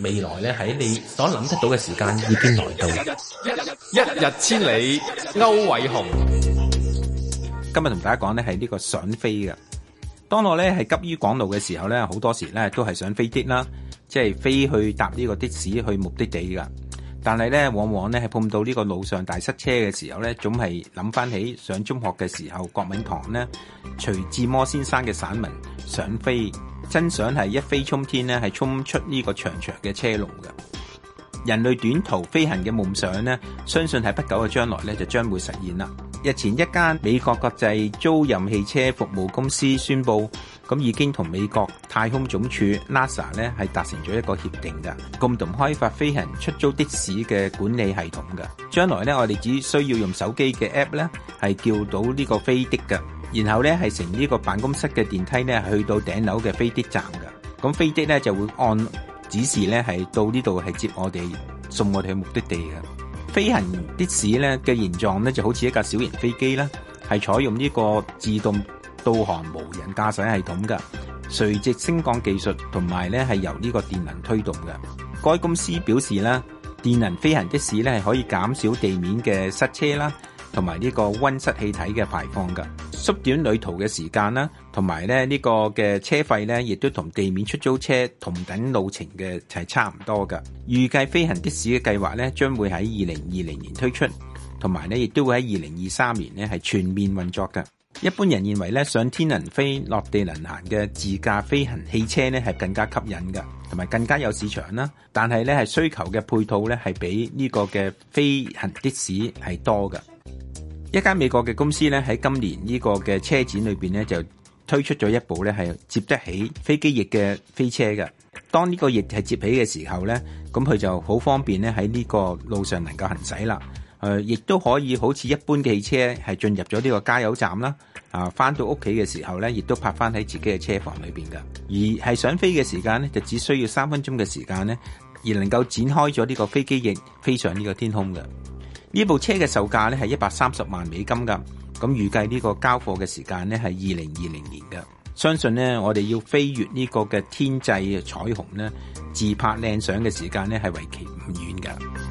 未來咧喺你所諗得到嘅時間已經來到，一日千里，區煒洪。今日同大家講呢係呢個想飛嘅。當我呢係急於趕路嘅時候呢，好多時呢都係想飛的啦，即係飛去搭呢個的士去目的地噶。但係呢，往往呢係碰到呢個路上大塞車嘅時候呢，總係諗翻起上中學嘅時候，國文堂呢，徐志摩先生嘅散文想飛。真相係一飛沖天咧，係沖出呢個長長嘅車龍嘅。人類短途飛行嘅夢想咧，相信喺不久嘅將來咧就將會實現啦。日前一間美國國際租賃汽車服務公司宣布，咁已經同美國太空總署 NASA 咧係達成咗一個協定噶，共同開發飛行出租的士嘅管理系統噶。將來咧，我哋只需要用手機嘅 App 咧係叫到呢個飛的嘅。然後咧係乘呢個辦公室嘅電梯咧，去到頂樓嘅飛的站噶。咁飛的咧就會按指示咧係到呢度係接我哋送我哋去目的地嘅飛行的士咧嘅形狀咧就好似一架小型飛機啦，係採用呢個自動導航無人駕駛系統噶垂直升降技術，同埋咧係由呢個電能推動噶。該公司表示啦，電能飛行的士咧係可以減少地面嘅塞車啦，同埋呢個温室氣體嘅排放噶。縮短旅途嘅時間啦，同埋咧呢個嘅車費咧，亦都同地面出租車同等路程嘅係差唔多㗎。預計飛行的士嘅計劃咧，將會喺二零二零年推出，同埋咧亦都會喺二零二三年咧係全面運作㗎。一般人認為咧，上天能飛，落地能行嘅自駕飛行汽車咧係更加吸引㗎，同埋更加有市場啦。但係咧，係需求嘅配套咧係比呢個嘅飛行的士係多嘅。一家美國嘅公司咧，喺今年呢個嘅車展裏邊咧，就推出咗一部咧係接得起飛機翼嘅飛車嘅。當呢個翼係接起嘅時候咧，咁佢就好方便咧喺呢個路上能夠行駛啦。誒、呃，亦都可以好似一般嘅汽車係進入咗呢個加油站啦。啊，翻到屋企嘅時候咧，亦都泊翻喺自己嘅車房裏邊嘅。而係想飛嘅時間咧，就只需要三分鐘嘅時間咧，而能夠展開咗呢個飛機翼飛上呢個天空嘅。呢部車嘅售價咧係一百三十萬美金噶，咁預計呢個交貨嘅時間咧係二零二零年噶，相信咧我哋要飛越呢個嘅天際彩虹咧，自拍靚相嘅時間咧係為期唔遠噶。